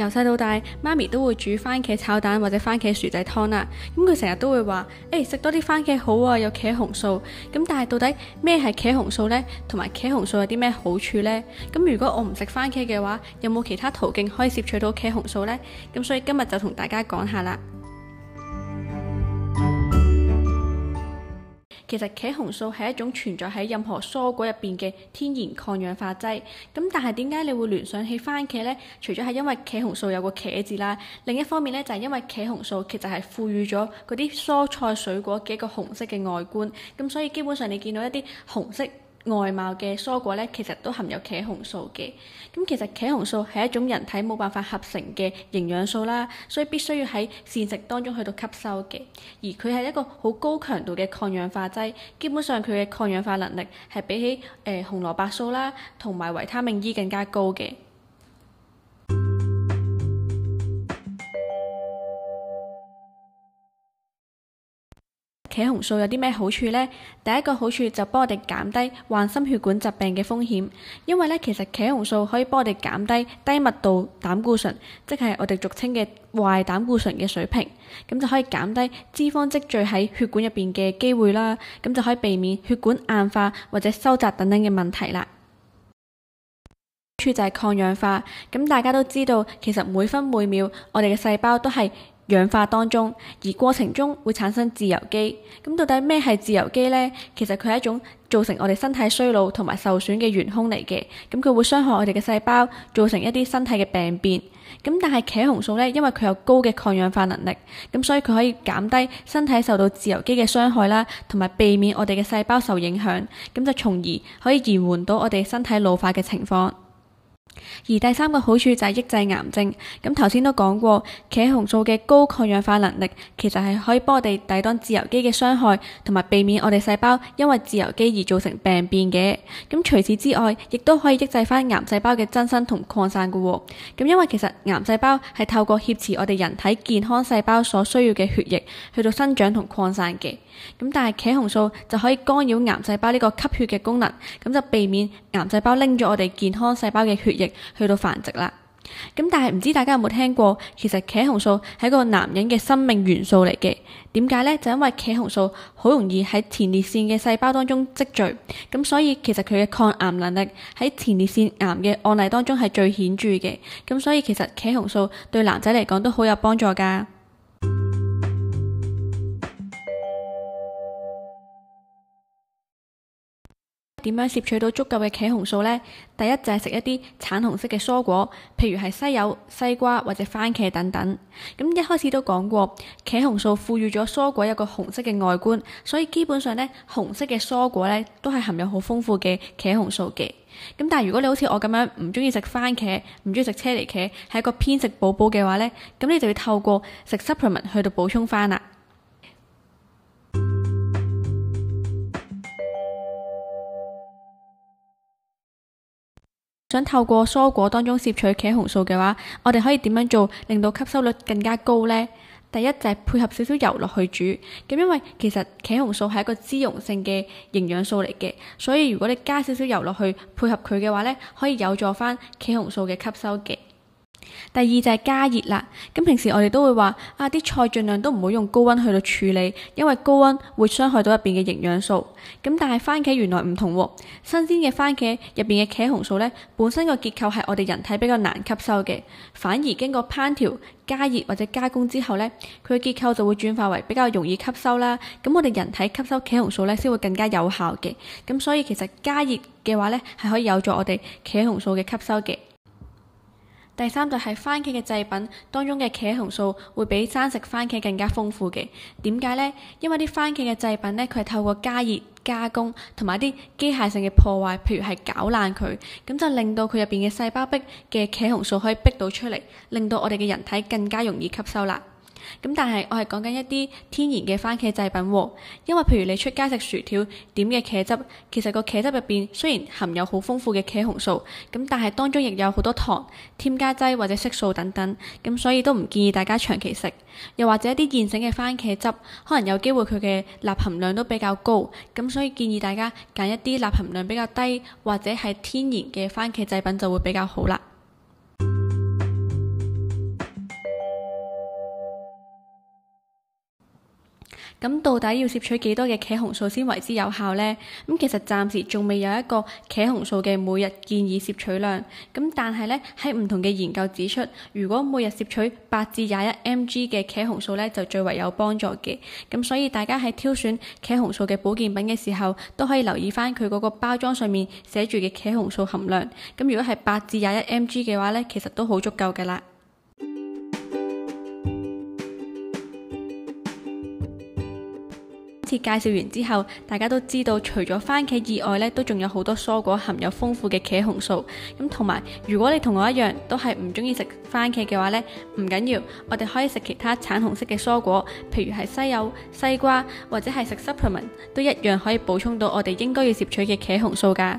由細到大，媽咪都會煮番茄炒蛋或者番茄薯仔湯啦。咁佢成日都會話，誒、欸，食多啲番茄好啊，有茄紅素。咁但係到底咩係茄紅素呢？同埋茄紅素有啲咩好處呢？咁如果我唔食番茄嘅話，有冇其他途徑可以攝取到茄紅素呢？咁所以今日就同大家講下啦。其實茄紅素係一種存在喺任何蔬果入邊嘅天然抗氧化劑，咁但係點解你會聯想起番茄呢？除咗係因為茄紅素有個茄字啦，另一方面呢，就係、是、因為茄紅素其實係賦予咗嗰啲蔬菜水果幾個紅色嘅外觀，咁所以基本上你見到一啲紅色。外貌嘅蔬果咧，其實都含有茄紅素嘅。咁其實茄紅素係一種人體冇辦法合成嘅營養素啦，所以必須要喺膳食當中去到吸收嘅。而佢係一個好高強度嘅抗氧化劑，基本上佢嘅抗氧化能力係比起誒、呃、紅蘿蔔素啦同埋維他命 E 更加高嘅。茄紅素有啲咩好處呢？第一個好處就幫我哋減低患心血管疾病嘅風險，因為呢其實茄紅素可以幫我哋減低低密度膽固醇，即係我哋俗稱嘅壞膽固醇嘅水平，咁就可以減低脂肪積聚喺血管入邊嘅機會啦。咁就可以避免血管硬化或者收窄等等嘅問題啦。處就係抗氧化，咁大家都知道，其實每分每秒我哋嘅細胞都係。氧化當中，而過程中會產生自由基。咁到底咩係自由基呢？其實佢係一種造成我哋身體衰老同埋受損嘅元凶嚟嘅。咁佢會傷害我哋嘅細胞，造成一啲身體嘅病變。咁但係茄紅素呢，因為佢有高嘅抗氧化能力，咁所以佢可以減低身體受到自由基嘅傷害啦，同埋避免我哋嘅細胞受影響。咁就從而可以延緩到我哋身體老化嘅情況。而第三個好處就係抑制癌症。咁頭先都講過，茄紅素嘅高抗氧化能力，其實係可以幫我哋抵擋自由基嘅傷害，同埋避免我哋細胞因為自由基而造成病變嘅。咁除此之外，亦都可以抑制翻癌細胞嘅增生同擴散嘅。咁因為其實癌細胞係透過挾持我哋人體健康細胞所需要嘅血液去到生長同擴散嘅。咁但係茄紅素就可以干擾癌細胞呢個吸血嘅功能，咁就避免癌細胞拎咗我哋健康細胞嘅血液。去到繁殖啦，咁、嗯、但係唔知大家有冇聽過，其實茄紅素係個男人嘅生命元素嚟嘅，點解呢？就因為茄紅素好容易喺前列腺嘅細胞當中積聚，咁、嗯、所以其實佢嘅抗癌能力喺前列腺癌嘅案例當中係最顯著嘅，咁、嗯、所以其實茄紅素對男仔嚟講都好有幫助噶。點樣攝取到足夠嘅茄紅素呢？第一就係食一啲橙紅色嘅蔬果，譬如係西柚、西瓜或者番茄等等。咁一開始都講過，茄紅素賦予咗蔬果一個紅色嘅外觀，所以基本上呢，紅色嘅蔬果呢都係含有好豐富嘅茄紅素嘅。咁但係如果你好似我咁樣唔中意食番茄，唔中意食車厘茄，係一個偏食寶寶嘅話呢，咁你就要透過食 supplement 去到補充翻啦。想透過蔬果當中攝取茄紅素嘅話，我哋可以點樣做，令到吸收率更加高呢？第一就係、是、配合少少油落去煮，咁因為其實茄紅素係一個脂溶性嘅營養素嚟嘅，所以如果你加少少油落去配合佢嘅話呢，可以有助翻茄紅素嘅吸收嘅。第二就係加熱啦，咁平時我哋都會話啊啲菜盡量都唔好用高温去到處理，因為高温會傷害到入邊嘅營養素。咁但係番茄原來唔同喎，新鮮嘅番茄入邊嘅茄紅素咧，本身個結構係我哋人體比較難吸收嘅，反而經過烹調、加熱或者加工之後咧，佢嘅結構就會轉化為比較容易吸收啦。咁我哋人體吸收茄紅素咧，先會更加有效嘅。咁所以其實加熱嘅話咧，係可以有助我哋茄紅素嘅吸收嘅。第三就係番茄嘅製品，當中嘅茄紅素會比生食番茄更加豐富嘅。點解呢？因為啲番茄嘅製品呢，佢係透過加熱、加工同埋啲機械性嘅破壞，譬如係攪爛佢，咁就令到佢入邊嘅細胞壁嘅茄紅素可以逼到出嚟，令到我哋嘅人體更加容易吸收啦。咁但係我係講緊一啲天然嘅番茄製品喎啊，因為譬如你出街食薯條點嘅茄汁，其實個茄汁入邊雖然含有好豐富嘅茄紅素，咁但係當中亦有好多糖、添加劑或者色素等等，咁所以都唔建議大家長期食，又或者一啲現成嘅番茄汁，可能有機會佢嘅鈉含量都比較高，咁所以建議大家揀一啲鈉含量比較低或者係天然嘅番茄製品就會比較好啦。咁到底要攝取幾多嘅茄紅素先為之有效呢？咁其實暫時仲未有一個茄紅素嘅每日建議攝取量。咁但係呢，喺唔同嘅研究指出，如果每日攝取八至廿一 mg 嘅茄紅素呢，就最為有幫助嘅。咁所以大家喺挑選茄紅素嘅保健品嘅時候，都可以留意翻佢嗰個包裝上面寫住嘅茄紅素含量。咁如果係八至廿一 mg 嘅話呢，其實都好足夠嘅啦。次介紹完之後，大家都知道除咗番茄以外呢，都仲有好多蔬果含有豐富嘅茄紅素。咁同埋，如果你同我一樣都係唔中意食番茄嘅話呢，唔緊要，我哋可以食其他橙紅色嘅蔬果，譬如係西柚、西瓜，或者係食 supplement，都一樣可以補充到我哋應該要攝取嘅茄紅素㗎。